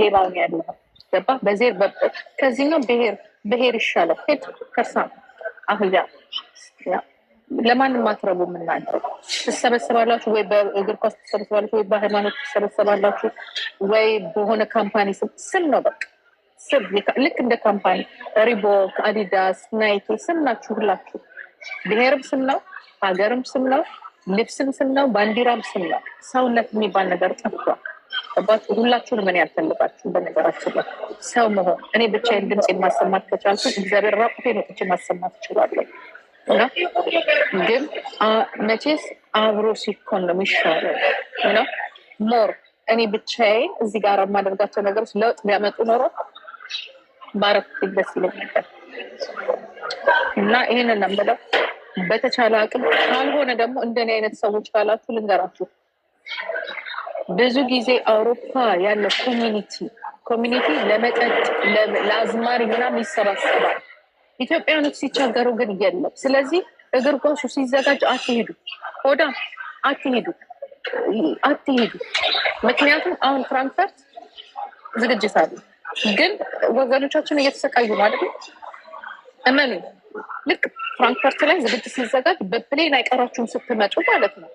ሌባ ያለው ገባ በዜር ከዚህኛው ብሄር ብሄር ይሻላል። ሄድ ከሳ አህያ ለማንም አትረቡ። የምናንተ ትሰበሰባላችሁ ወይ በእግር ኳስ ትሰበሰባላችሁ፣ ወይ በሃይማኖት ትሰበሰባላችሁ፣ ወይ በሆነ ካምፓኒ ስም ነው በቃ ስም ልክ እንደ ካምፓኒ ሪቦክ፣ አዲዳስ፣ ናይኪ ስም ናችሁ ሁላችሁ። ብሄርም ስም ነው፣ ሀገርም ስም ነው፣ ልብስም ስም ነው፣ ባንዲራም ስም ነው። ሰውነት የሚባል ነገር ጠፍቷል። ገባችሁ? ሁላችሁን ምን አልፈልጋችሁም። በነገራችን ላይ ሰው መሆን እኔ ብቻዬን ድምፄን ማሰማት ከቻልኩ እግዚአብሔር ራቁቴን ወጥቼ ማሰማት እችላለሁ። ግን መቼስ አብሮ ሲኮን ነው የሚሻለው ነው ሞር እኔ ብቻዬን እዚህ ጋር የማደርጋቸው ነገሮች ለውጥ ቢያመጡ ኖሮ ባረፍኩት ደስ ይለኝ ነበር እና ይህንን ነው የምለው። በተቻለ አቅም ካልሆነ ደግሞ እንደኔ አይነት ሰዎች ካላችሁ ልንገራችሁ ብዙ ጊዜ አውሮፓ ያለ ኮሚኒቲ ኮሚኒቲ ለመጠጥ ለአዝማሪ ምናምን ይሰባሰባል። ኢትዮጵያኖች ሲቸገሩ ግን የለም። ስለዚህ እግር ኳሱ ሲዘጋጅ አትሄዱ፣ ሆዳ አትሄዱ፣ አትሄዱ። ምክንያቱም አሁን ፍራንክፈርት ዝግጅት አለ፣ ግን ወገኖቻችን እየተሰቃዩ ማለት ነው። እመኑ፣ ልክ ፍራንክፈርት ላይ ዝግጅት ሲዘጋጅ በፕሌን አይቀራችሁም ስትመጡ ማለት ነው።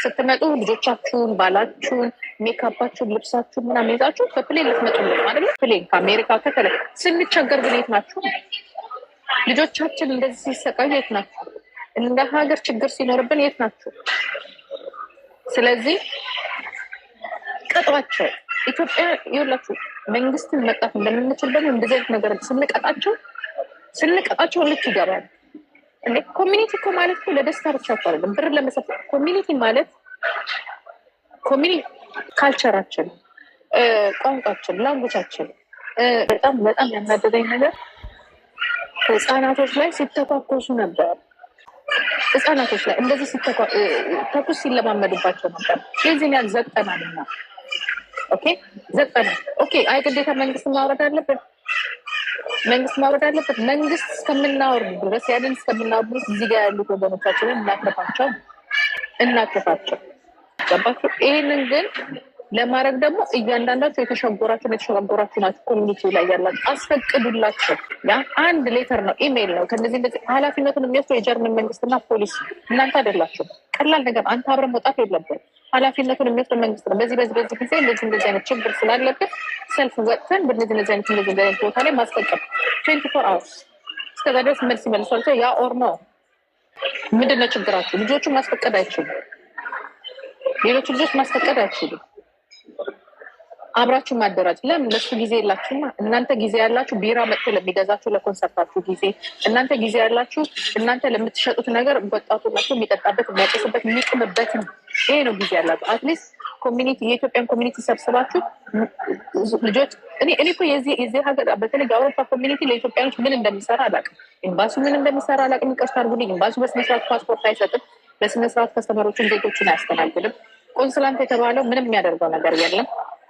ስትመጡ ልጆቻችሁን፣ ባላችሁን፣ ሜካፓችሁን፣ ልብሳችሁን ምናምን ይዛችሁ በፕሌን ልትመጡ ነው ነው። ፕሌን ከአሜሪካ ከተለ ስንቸገር ግን የት ናችሁ? ልጆቻችን እንደዚህ ሲሰቃዩ የት ናችሁ? እንደ ሀገር ችግር ሲኖርብን የት ናችሁ? ስለዚህ ቀጧቸው። ኢትዮጵያ ይኸውላችሁ መንግስትን መቅጣት እንደምንችል ደግሞ እንደዚህ አይነት ነገር ስንቀጣቸው ስንቀጣቸው ልክ ይገባል። ኮሚኒቲ እኮ ማለት ለደስታ ብቻ እኮ አይደለም፣ ብር ለመሰብሰብ ኮሚኒቲ ማለት ኮሚኒቲ ካልቸራችን፣ ቋንቋችን፣ ላንጉቻችን በጣም በጣም ያናደደኝ ነገር ህፃናቶች ላይ ሲተኳኮሱ ነበር። ህፃናቶች ላይ እንደዚህ ተኩስ ሲለማመዱባቸው ነበር። የዚህን ያህል ዘጠናልና ዘጠና ኦኬ፣ አይ ግዴታ መንግስት ማውረድ አለብን መንግስት ማውረድ አለበት። መንግስት እስከምናወርድ ድረስ ያንን እስከምናወርድ ድረስ እዚህ ጋር ያሉት ወገኖቻችንን እናክረፋቸው እናክረፋቸው። ገባችሁ። ይህንን ግን ለማድረግ ደግሞ እያንዳንዳቸው የተሸጎራችሁ የተሸጎራችሁ ናቸው። ኮሚኒቲ ላይ ያላቸው አስፈቅዱላቸው። ያ አንድ ሌተር ነው፣ ኢሜይል ነው። ከነዚህ እንደዚህ ኃላፊነቱን የሚወስደው የጀርመን መንግስትና ፖሊስ እናንተ አይደላችሁም። ቀላል ነገር አንተ አብረን መውጣት የለብን። ኃላፊነቱን የሚወስድ መንግስት ነው። በዚህ በዚህ በዚህ ጊዜ እንደዚህ እንደዚህ አይነት ችግር ስላለብን ሰልፍ ወጥተን በእነዚህ እነዚህ አይነት እንደዚህ እንደዚህ አይነት ቦታ ላይ ማስፈቀም ትዌንቲ ፎር አወርስ እስከዛ ድረስ መልስ ይመልሷል። ያ ኦር ነው ምንድነው ነው ችግራችሁ? ልጆቹ ማስፈቀድ አይችሉም። ሌሎች ልጆች ማስፈቀድ አይችሉም። አብራችሁ ማደራጅ ለምን ለሱ ጊዜ የላችሁማ? እናንተ ጊዜ ያላችሁ ቢራ መጥቶ ለሚገዛችሁ ለኮንሰርታችሁ ጊዜ፣ እናንተ ጊዜ ያላችሁ እናንተ ለምትሸጡት ነገር ወጣቱ መጥቶ የሚጠጣበት የሚያጨስበት የሚቅምበት ነው። ይሄ ነው ጊዜ ያላችሁ። አትሊስት ኮሚኒቲ የኢትዮጵያን ኮሚኒቲ ሰብስባችሁ ልጆች እኔ እኮ የዚህ ሀገር በተለይ የአውሮፓ ኮሚኒቲ ለኢትዮጵያኖች ምን እንደሚሰራ አላውቅም። ኤምባሱ ምን እንደሚሰራ አላውቅም። ይቅርታ አድርጉልኝ። ኤምባሱ በስነስርዓት ፓስፖርት አይሰጥም። በስነስርዓት ከስተመሮችን ዜጎችን አያስተናግድም። ቆንስላንት የተባለው ምንም የሚያደርገው ነገር የለም።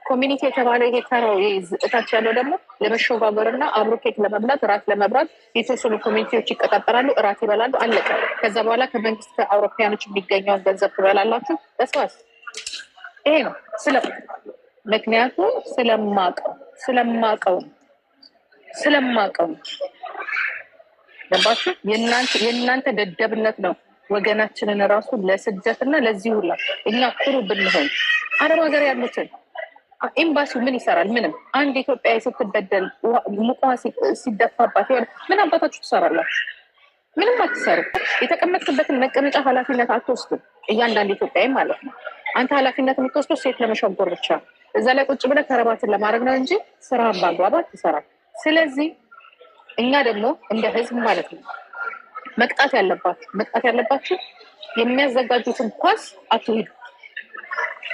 ኮሚኒቲ የተባለ ይሄ ተራው እታች ያለው ደግሞ ለመሸጋገር እና አብሮ ኬክ ለመብላት እራት ለመብራት የተወሰኑ ኮሚኒቲዎች ይቀጣጠራሉ፣ እራት ይበላሉ። አለቀ። ከዛ በኋላ ከመንግስት ከአውሮፓያኖች የሚገኘውን ገንዘብ ትበላላችሁ። በስዋስ ይሄ ነው ስለ ምክንያቱ ስለማቀው ስለማቀው ስለማቀው ገባችሁ? የእናንተ ደደብነት ነው ወገናችንን ራሱ ለስደት እና ለዚህ ሁላ እኛ ኩሩ ብንሆን አረብ ሀገር ያሉትን ኤምባሲው ምን ይሰራል? ምንም። አንድ ኢትዮጵያ ስትበደል ሙቋ ሲደፋባት ምን አባታችሁ ትሰራላችሁ? ምንም አትሰሩ። የተቀመጥክበትን መቀመጫ ኃላፊነት አትወስድም። እያንዳንዱ ኢትዮጵያዊ ማለት ነው። አንተ ኃላፊነት የምትወስደው ሴት ለመሸጎር ብቻ እዛ ላይ ቁጭ ብለህ ከረባትን ለማድረግ ነው እንጂ ስራ በአግባቡ አትሰራም። ስለዚህ እኛ ደግሞ እንደ ህዝብ ማለት ነው መቅጣት ያለባችሁ መቅጣት ያለባችሁ የሚያዘጋጁትን ኳስ አትሂዱ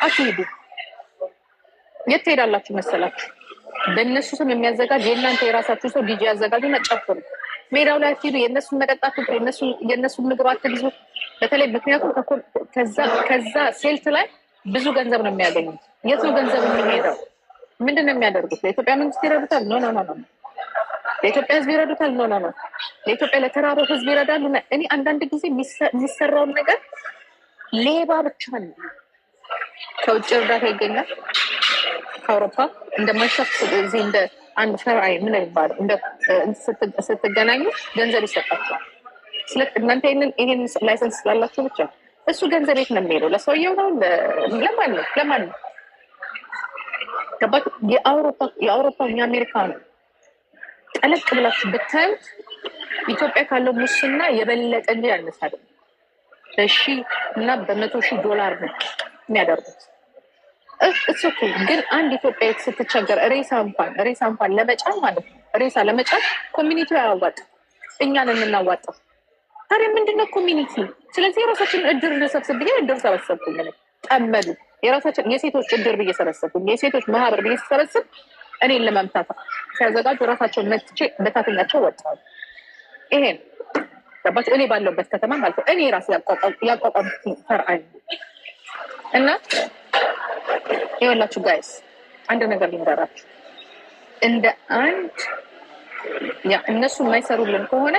አትሂዱ የት ትሄዳላችሁ መሰላችሁ? በእነሱ ስም የሚያዘጋጅ የእናንተ የራሳችሁ ሰው ዲጂ ያዘጋጁ ጨፍሩ። ሜዳው ላይ አትሄዱ፣ የእነሱን መጠጥ አትብሉ፣ የእነሱን ምግብ አትግዙ። በተለይ ምክንያቱም ከዛ ሴልት ላይ ብዙ ገንዘብ ነው የሚያገኙት። የት ነው ገንዘብ የሚሄደው? ምንድን ነው የሚያደርጉት? ለኢትዮጵያ መንግስት ይረዱታል? ኖ ኖ ኖ። ለኢትዮጵያ ህዝብ ይረዱታል? ኖ ኖ ኖ። ለኢትዮጵያ ለተራበው ህዝብ ይረዳሉ? እኔ አንዳንድ ጊዜ የሚሰራውን ነገር ሌባ ብቻ ነው። ከውጭ እርዳታ ይገኛል ከአውሮፓ እንደ መሸፍ እዚህ እንደ አንድ ፈርአይ ምን ይባል ስትገናኙ ገንዘብ ይሰጣቸዋል። እናንተ ይህን ላይሰንስ ስላላችሁ ብቻ እሱ ገንዘብ የት ነው የሚሄደው? ለሰውየው ነው? ለማን ነው? ለማን ነው? ገባችሁ? የአውሮፓ የአሜሪካ ነው። ጠለቅ ብላችሁ ብታዩት ኢትዮጵያ ካለው ሙስና የበለጠ እንጂ ያነሳደ በሺ እና በመቶ ሺህ ዶላር ነው የሚያደርጉት። እሱ ግን አንድ ኢትዮጵያ ስትቸገር ሬሳ እንኳን ሬሳ እንኳን ለመጫን ማለት ነው ሬሳ ለመጫን ኮሚኒቲው አያዋጥ እኛን የምናዋጣው ታዲያ ምንድነው ኮሚኒቲ? ስለዚህ የራሳችን እድር እንሰብስብ ብዬ እድር ሰበሰብኩ። ምን ጠመዱ የራሳችን የሴቶች እድር ብዬ ሰበሰብኩ፣ የሴቶች ማህበር ብዬ ሰበስብ እኔን ለመምታት ሲያዘጋጁ ራሳቸውን መትቼ በታተኛቸው ወጣሉ። ይሄን ገባች እኔ ባለውበት ከተማ ማለት ነው እኔ ራሴ ያቋቋም ፈርአኝ እና ይኸውላችሁ ጋይስ አንድ ነገር ልንገራችሁ። እንደ አንድ ያ እነሱ የማይሰሩልን ከሆነ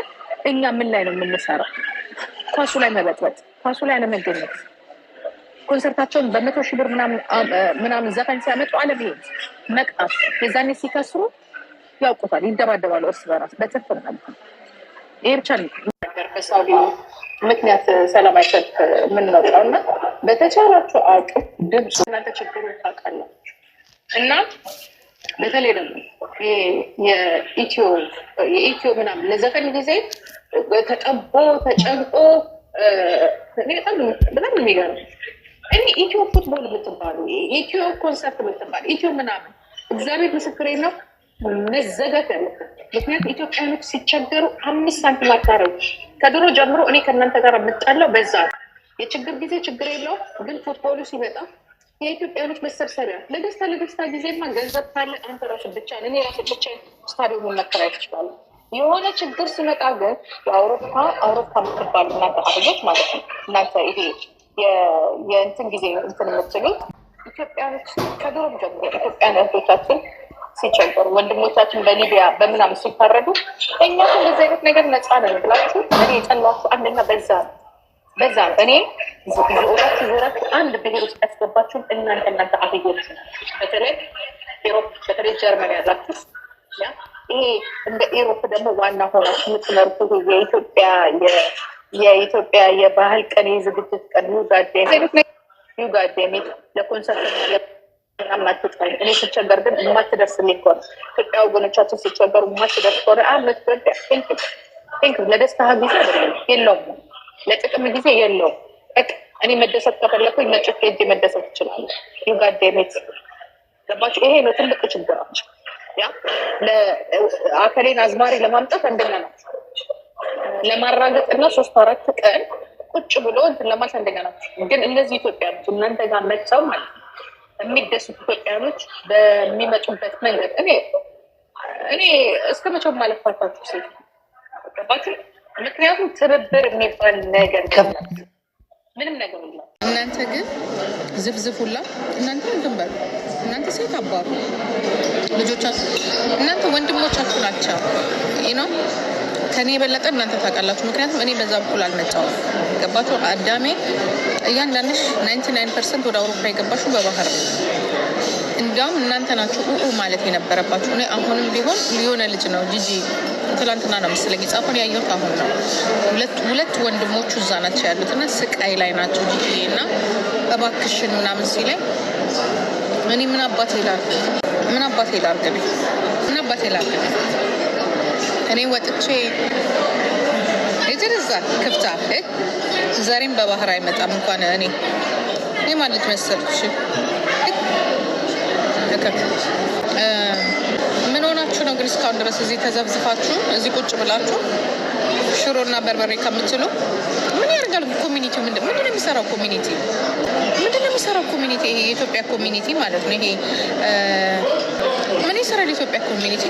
እኛ ምን ላይ ነው የምንሰራው? ኳሱ ላይ መበጥበጥ፣ ኳሱ ላይ አለመገኘት፣ ኮንሰርታቸውን በመቶ ሺህ ብር ምናምን ዘፋኝ ሲያመጡ አለመሄድ፣ መቅጣት። የዛኔ ሲከስሩ ያውቁታል፣ ይደባደባሉ እርስ በራስ በጽፍ ማለት ይሄ ብቻ ነው ምክንያት ሰላም አይሰጥ የምንወጣው እና በተቻላቸው አቅም ድምፅ እናንተ ችግሮች ታውቃላችሁ እና በተለይ ደግሞ የኢትዮ የኢትዮ ምናምን ለዘፈን ጊዜ ተጠቦ ተጨንቆ በጣም የሚገርም እኔ ኢትዮ ፉትቦል የምትባሉ ኢትዮ ኮንሰርት የምትባሉ ኢትዮ ምናምን እግዚአብሔር ምስክሬ ነው መዘገተ ያለ ምክንያቱም ኢትዮጵያኖች ሲቸገሩ አምስት ሳንቲም አታረጉ። ከድሮ ጀምሮ እኔ ከእናንተ ጋር የምጣለው በዛ ነው። የችግር ጊዜ ችግር የለውም፣ ግን ፉትቦሉ ሲመጣ የኢትዮጵያኖች መሰብሰቢያ ለደስታ ለደስታ ጊዜማ ገንዘብ ካለ አንተ ራሱ ብቻ እኔ ራሱ ብቻ ስታዲዮን መከራየት ይችላሉ። የሆነ ችግር ሲመጣ ግን የአውሮፓ አውሮፓ ምትባሉ እናንተ አህዞች ማለት ነው እናንተ ይሄ የእንትን ጊዜ እንትን የምትሉት ኢትዮጵያኖች ከድሮም ጀምሮ ኢትዮጵያን እህቶቻችን ሲቸገሩ ወንድሞቻችን በሊቢያ በምናምን ሲታረዱ እኛ እንደዚህ አይነት ነገር ነፃ ነን ብላችሁ እኔ የጠላችሁ አንደኛ በዛ ነው በዛም እኔ ሁለት ሁለት አንድ ብሄር ውስጥ ያስገባችሁን እናንተ እናንተ አፍሪኮች በተለይ ኤሮፕ በተለይ ጀርመን ያላችሁ ይሄ እንደ ኤሮፕ ደግሞ ዋና ሆናችሁ የምትመርጡ የኢትዮጵያ የኢትዮጵያ የባህል ቀን የዝግጅት ቀን ዩጋዴሚ ለኮንሰርት ማትጠኝ እኔ ስቸገር ግን የማትደርስልኝ ከሆነ ኢትዮጵያ ወገኖቻችን ሲቸገሩ የማትደርስ ከሆነ ለደስታ ጊዜ የለውም ለጥቅም ጊዜ የለው። እኔ መደሰት ከፈለኩኝ ነጭ ሄጄ መደሰት ይችላል። ዩጋዴሜት ገባቸው። ይሄ ነው ትልቅ ችግራቸው። ያ ለአከሌን አዝማሪ ለማምጣት አንደኛ ናት። ለማራገጥ እና ሶስት አራት ቀን ቁጭ ብሎ ለማለት አንደኛ ናት። ግን እነዚህ ኢትዮጵያኖች እናንተ ጋር መጥተው ማለት ነው የሚደሱት ኢትዮጵያኖች በሚመጡበት መንገድ እኔ እኔ እስከ መቼም ማለፋታችሁ ሴት ገባችሁ ምክንያቱም ትብብር የሚባል ነገር ምንም ነገር የለም። እናንተ ግን ሁላ እናንተ ወንድንበር እናንተ ሴት አባሩ ልጆቻችሁ እናንተ ወንድሞቻችሁ ናቸው ነው። ከኔ የበለጠ እናንተ ታውቃላችሁ። ምክንያቱም እኔ በዛ በኩል አልመጫውም። ገባችሁ? አዳሜ እያንዳንድሽ ናይንቲ ናይን ፐርሰንት ወደ አውሮፓ የገባችሁ በባህር ነው። እንዲያውም እናንተ ናችሁ ኡኡ ማለት የነበረባችሁ። እኔ አሁንም ቢሆን ሊሆነ ልጅ ነው ጂጂ ትላንትና ነው መሰለኝ የጻፈውን ያየሁት አሁን ነው። ሁለት ወንድሞቹ እዛ ናቸው ያሉት እና ስቃይ ላይ ናቸው። ጂጂዬ እና እባክሽን ምናምን ሲለኝ እኔ ምን አባቴ ላድርግ ምን አባቴ ላድርግ ነኝ ምን አባቴ ላድርግ ነኝ እኔ ወጥቼ የትንዛ ክፍታ ዛሬም በባህር አይመጣም እንኳን እኔ ይህ ማለት መሰለች እስካሁን ድረስ እዚህ ተዘብዝፋችሁ እዚህ ቁጭ ብላችሁ ሽሮ እና በርበሬ ከምትሉ ምን ያደርጋል ኮሚኒቲ ምንድን ነው የሚሰራው ኮሚኒቲ? ምንድን ነው የሚሰራው ኮሚኒቲ? ይሄ የኢትዮጵያ ኮሚኒቲ ማለት ነው። ይሄ ምን ይሰራል የኢትዮጵያ ኮሚኒቲ?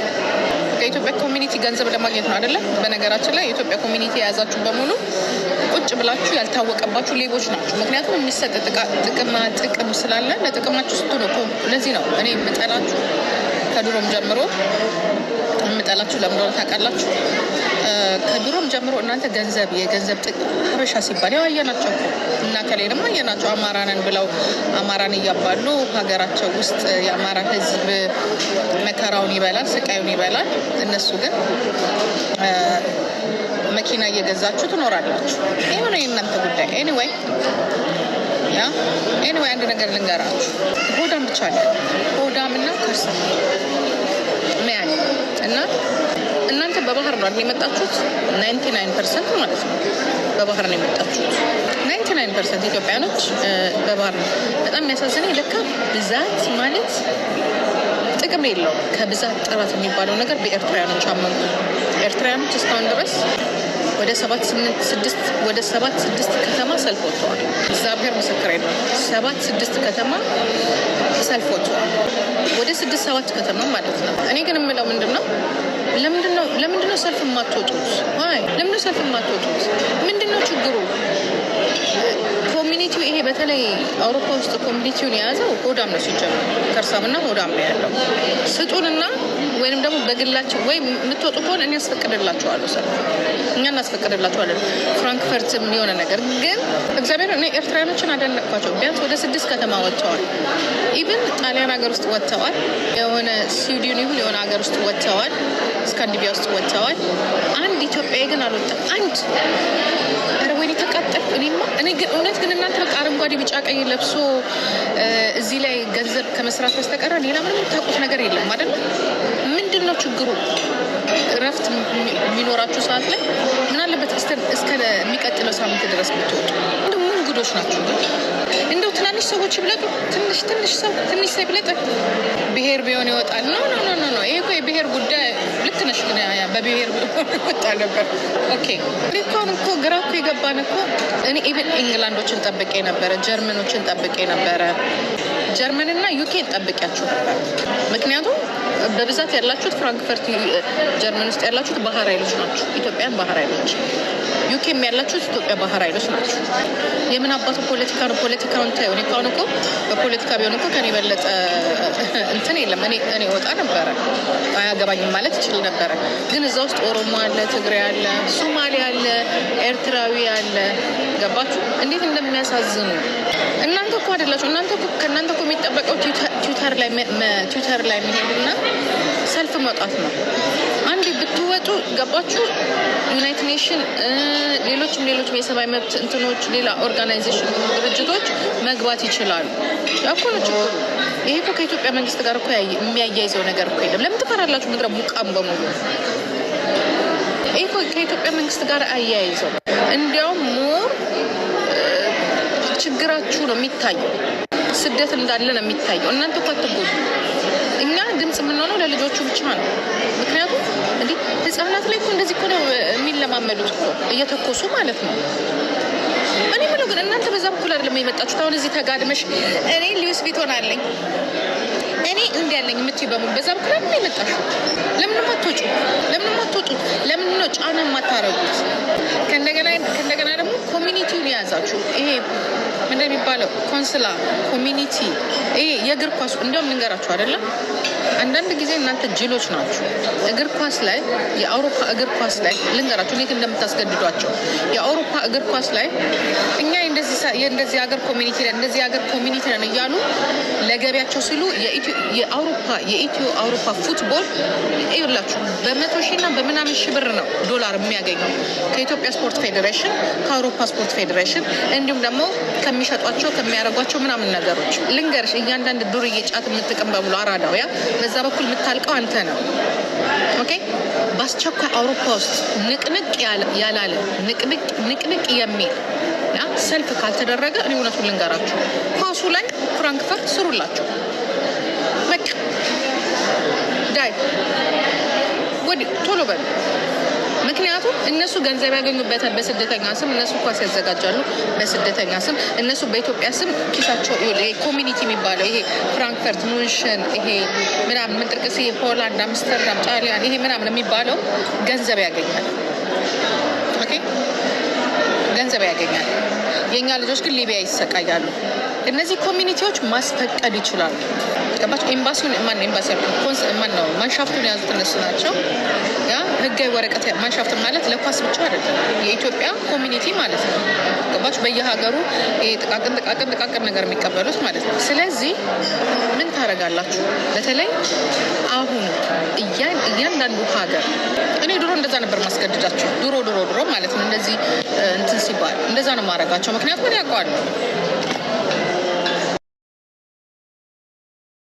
ከኢትዮጵያ ኮሚኒቲ ገንዘብ ለማግኘት ነው አይደለም። በነገራችን ላይ የኢትዮጵያ ኮሚኒቲ የያዛችሁ በሙሉ ቁጭ ብላችሁ ያልታወቀባችሁ ሌቦች ናቸው። ምክንያቱም የሚሰጥ ጥቅማ ጥቅም ስላለ ለጥቅማችሁ ስትሉ፣ ለዚህ ነው እኔ የምጠላችሁ ከድሮም ጀምሮ የምጠላችሁ ለምን ነው ታውቃላችሁ? ከድሮም ጀምሮ እናንተ ገንዘብ የገንዘብ ጥቅም ሀበሻ ሲባል ያው አየናቸው እና ከላይ ደግሞ አየናቸው አማራንን ብለው አማራን እያባሉ ሀገራቸው ውስጥ የአማራ ሕዝብ መከራውን ይበላል፣ ስቃዩን ይበላል። እነሱ ግን መኪና እየገዛችሁ ትኖራላችሁ። ይህ ነው የእናንተ ጉዳይ ኤኒዌይ ያ ወይ አንድ ነገር ልንገራችሁ። ሆዳም ብቻ አለ ሆዳም እና ከርሰ መያን እና እናንተ በባህር ነው አይደል የመጣችሁት? ናይንቲ ናይን ፐርሰንት ማለት ነው በባህር ነው የመጣችሁት። ናይንቲ ናይን ፐርሰንት ኢትዮጵያኖች በባህር ነው። በጣም የሚያሳዝነኝ ለካ ብዛት ማለት ጥቅም የለውም። ከብዛት ጥራት የሚባለው ነገር በኤርትራያኖች አመንኩ። ኤርትራያኖች እስካሁን ድረስ ወደ ሰባት ስድስት ወደ ሰባት ስድስት ከተማ ሰልፍ ወጥተዋል። እግዚአብሔር ምስክሬ ነው። ሰባት ስድስት ከተማ ሰልፍ ወጥተዋል። ወደ ስድስት ሰባት ከተማ ማለት ነው። እኔ ግን የምለው ምንድን ነው ለምንድነው ሰልፍ የማትወጡት? ለምንድነው ሰልፍ የማትወጡት? ምንድነው ችግሩ? ኮሚኒቲው ይሄ በተለይ አውሮፓ ውስጥ ኮሚኒቲውን የያዘው ሆዳም ነው ሲጀምር ከእርሳምና ሆዳም ነው ያለው። ስጡንና ወይንም ደግሞ በግላቸው ወይ የምትወጡ ከሆነ እኔ አስፈቅድላቸዋለሁ፣ ሰ እኛ እናስፈቅድላቸዋለን። ፍራንክፈርትም የሆነ ነገር ግን እግዚአብሔር እኔ ኤርትራያኖችን አደነቅኳቸው። ቢያንስ ወደ ስድስት ከተማ ወጥተዋል። ኢብን ጣሊያን ሀገር ውስጥ ወጥተዋል። የሆነ ስዊድን ይሁን የሆነ ሀገር ውስጥ ወጥተዋል። እስካንዲቢያ ውስጥ ወጥተዋል። አንድ ኢትዮጵያዊ ግን አልወጣም። አንድ ኧረ ወይኔ ተቃጠል። እኔማ እኔ ግን እውነት ግን እናንተ በቃ አረንጓዴ፣ ቢጫ፣ ቀይ ለብሶ እዚህ ላይ ገንዘብ ከመስራት በስተቀረ ሌላ ምንም የምታውቁት ነገር የለም አይደለ? ምንድን ነው ችግሩ? እረፍት የሚኖራችሁ ሰዓት ላይ ምናለበት አለበት እስከሚቀጥለው ሳምንት ድረስ ብትወጡ። እንግዶች ናችሁ ግን ትናንሽ ሰዎች ብለጡ፣ ትንሽ ትንሽ ሰው ትንሽ ሰው ይብለጥ፣ ብሄር ቢሆን ይወጣል። ኖ ኖ ኖ ኖ፣ ይሄ እኮ የብሄር ጉዳይ ልክ ነሽ። በብሄር ወጣ ነበር። ኦኬ ሪኮን እኮ ግራ እኮ የገባን እኮ እኔ ኢቨን ኢንግላንዶችን ጠብቄ ነበረ፣ ጀርመኖችን ጠብቄ ነበረ። ጀርመን እና ዩኬ ጠብቂያችሁ ነበር። ምክንያቱም በብዛት ያላችሁት ፍራንክፈርት ጀርመን ውስጥ ያላችሁት ባህር ኃይሎች ናቸው። ኢትዮጵያን ባህር ኃይሎች። ዩኬም ያላችሁት ኢትዮጵያ ባህር ኃይሎች ናቸው። የምን አባቱ ፖለቲካ ነው? ፖለቲካውን የሆነ ከሆን እኮ በፖለቲካ ቢሆን እኮ ከኔ የበለጠ እንትን የለም። እኔ እኔ ወጣ ነበረ አያገባኝም ማለት ይችል ነበረ። ግን እዛ ውስጥ ኦሮሞ አለ፣ ትግሬ አለ፣ ሶማሌ አለ፣ ኤርትራዊ አለ። ገባችሁ? እንዴት እንደሚያሳዝኑ እናንተ እኮ አይደላችሁ። እናንተ ከእናንተ እኮ የሚጠበቀው ትዊተር ላይ መሄድና ሰልፍ መውጣት ነው። አንዴ ብትወጡ ገባችሁ? ዩናይትድ ኔሽን ሌሎችም ሌሎችም የሰብአዊ መብት እንትኖች ሌላ ኦርጋናይዜሽን ድርጅቶች መግባት ይችላሉ እኮ ነው ችግሩ። ይሄ እኮ ከኢትዮጵያ መንግስት ጋር እኮ የሚያያይዘው ነገር እኮ የለም። ለምን ትፈራላችሁ? ምድረ ሙቃም በሙሉ ይሄ እኮ ከኢትዮጵያ መንግስት ጋር አያይዘው እንዲያውም ሞር ችግራችሁ ነው የሚታየው። ስደት እንዳለ ነው የሚታየው። እናንተ እኮ አትጎዱ። እኛ ድምፅ የምንሆነው ለልጆቹ ብቻ ነው። ምክንያቱም እንዲህ ህጻናት ላይ እኮ እንደዚህ እኮ ነው የሚለማመዱት እኮ እየተኮሱ ማለት ነው እኔ የምለው ግን እናንተ በዛ በኩል አይደለም የመጣችሁት። አሁን እዚህ ተጋድመሽ እኔ ሊዩስ ቤት ሆናለኝ እኔ እንዲ ያለኝ ምት በሙ በዛ በኩል አይደለም የመጣችሁት። ለምን ማትወጩ? ለምን ማትወጡት? ለምን ነው ጫና የማታረጉት? ከእንደገና ከእንደገና ደግሞ ኮሚኒቲውን የያዛችሁ ይሄ እንደሚባለው ኮንስላ ኮሚኒቲ ይሄ የእግር ኳሱ እንዲያውም ልንገራችሁ አይደለም አንዳንድ ጊዜ እናንተ ጅሎች ናችሁ። እግር ኳስ ላይ የአውሮፓ እግር ኳስ ላይ ልንገራችሁ እንዴት እንደምታስገድዷቸው። የአውሮፓ እግር ኳስ ላይ እኛ እንደዚህ ሀገር ኮሚኒቲ ነን እንደዚህ ሀገር ኮሚኒቲ ነን እያሉ ለገቢያቸው ሲሉ የአውሮፓ የኢትዮ አውሮፓ ፉትቦል ይላችሁ በመቶ ሺ እና በምናምን ሺ ብር ነው ዶላር የሚያገኘው ከኢትዮጵያ ስፖርት ፌዴሬሽን ከአውሮፓ ስፖርት ፌዴሬሽን እንዲሁም ደግሞ ከሚሸጧቸው ከሚያደርጓቸው ምናምን ነገሮች ልንገርሽ እያንዳንድ ዱርዬ ጫት የምትቀም በሙሉ አራዳውያ በዛ በኩል የምታልቀው አንተ ነው። ኦኬ በአስቸኳይ አውሮፓ ውስጥ ንቅንቅ ያላለ ንቅንቅ የሚል ሰልፍ ካልተደረገ እኔ እውነቱን ልንገራችሁ፣ ኳሱ ላይ ፍራንክፈርት ስሩላቸው በቃ ዳይ ወዲህ ቶሎ በሉ። ምክንያቱም እነሱ ገንዘብ ያገኙበታል በስደተኛ ስም። እነሱ ኳስ ያዘጋጃሉ በስደተኛ ስም። እነሱ በኢትዮጵያ ስም ኪሳቸው ኮሚኒቲ የሚባለው ይሄ ፍራንክፈርት፣ ሙንሽን፣ ይሄ ምናምን ምንጥቅስ፣ ይሄ ሆላንድ፣ አምስተርዳም፣ ጣሊያን ይሄ ምናምን የሚባለው ገንዘብ ያገኛል፣ ገንዘብ ያገኛል። የእኛ ልጆች ግን ሊቢያ ይሰቃያሉ። እነዚህ ኮሚኒቲዎች ማስፈቀድ ይችላሉ። ያስቀባቸው ኤምባሲውን ማን ኤምባሲ ማን ነው ማንሻፍቱን የያዙት እነሱ ናቸው። ያ ህጋዊ ወረቀት ማንሻፍት ማለት ለኳስ ብቻ አይደለም፣ የኢትዮጵያ ኮሚኒቲ ማለት ነው። ገባችሁ? በየሀገሩ ጥቃቅን ጥቃቅን ጥቃቅን ነገር የሚቀበሉት ማለት ነው። ስለዚህ ምን ታደርጋላችሁ? በተለይ አሁን እያንዳንዱ ሀገር እኔ ድሮ እንደዛ ነበር ማስገድዳቸው ድሮ ድሮ ድሮ ማለት ነው እንደዚህ እንትን ሲባል እንደዛ ነው ማድረጋቸው። ምክንያቱም ያውቀዋል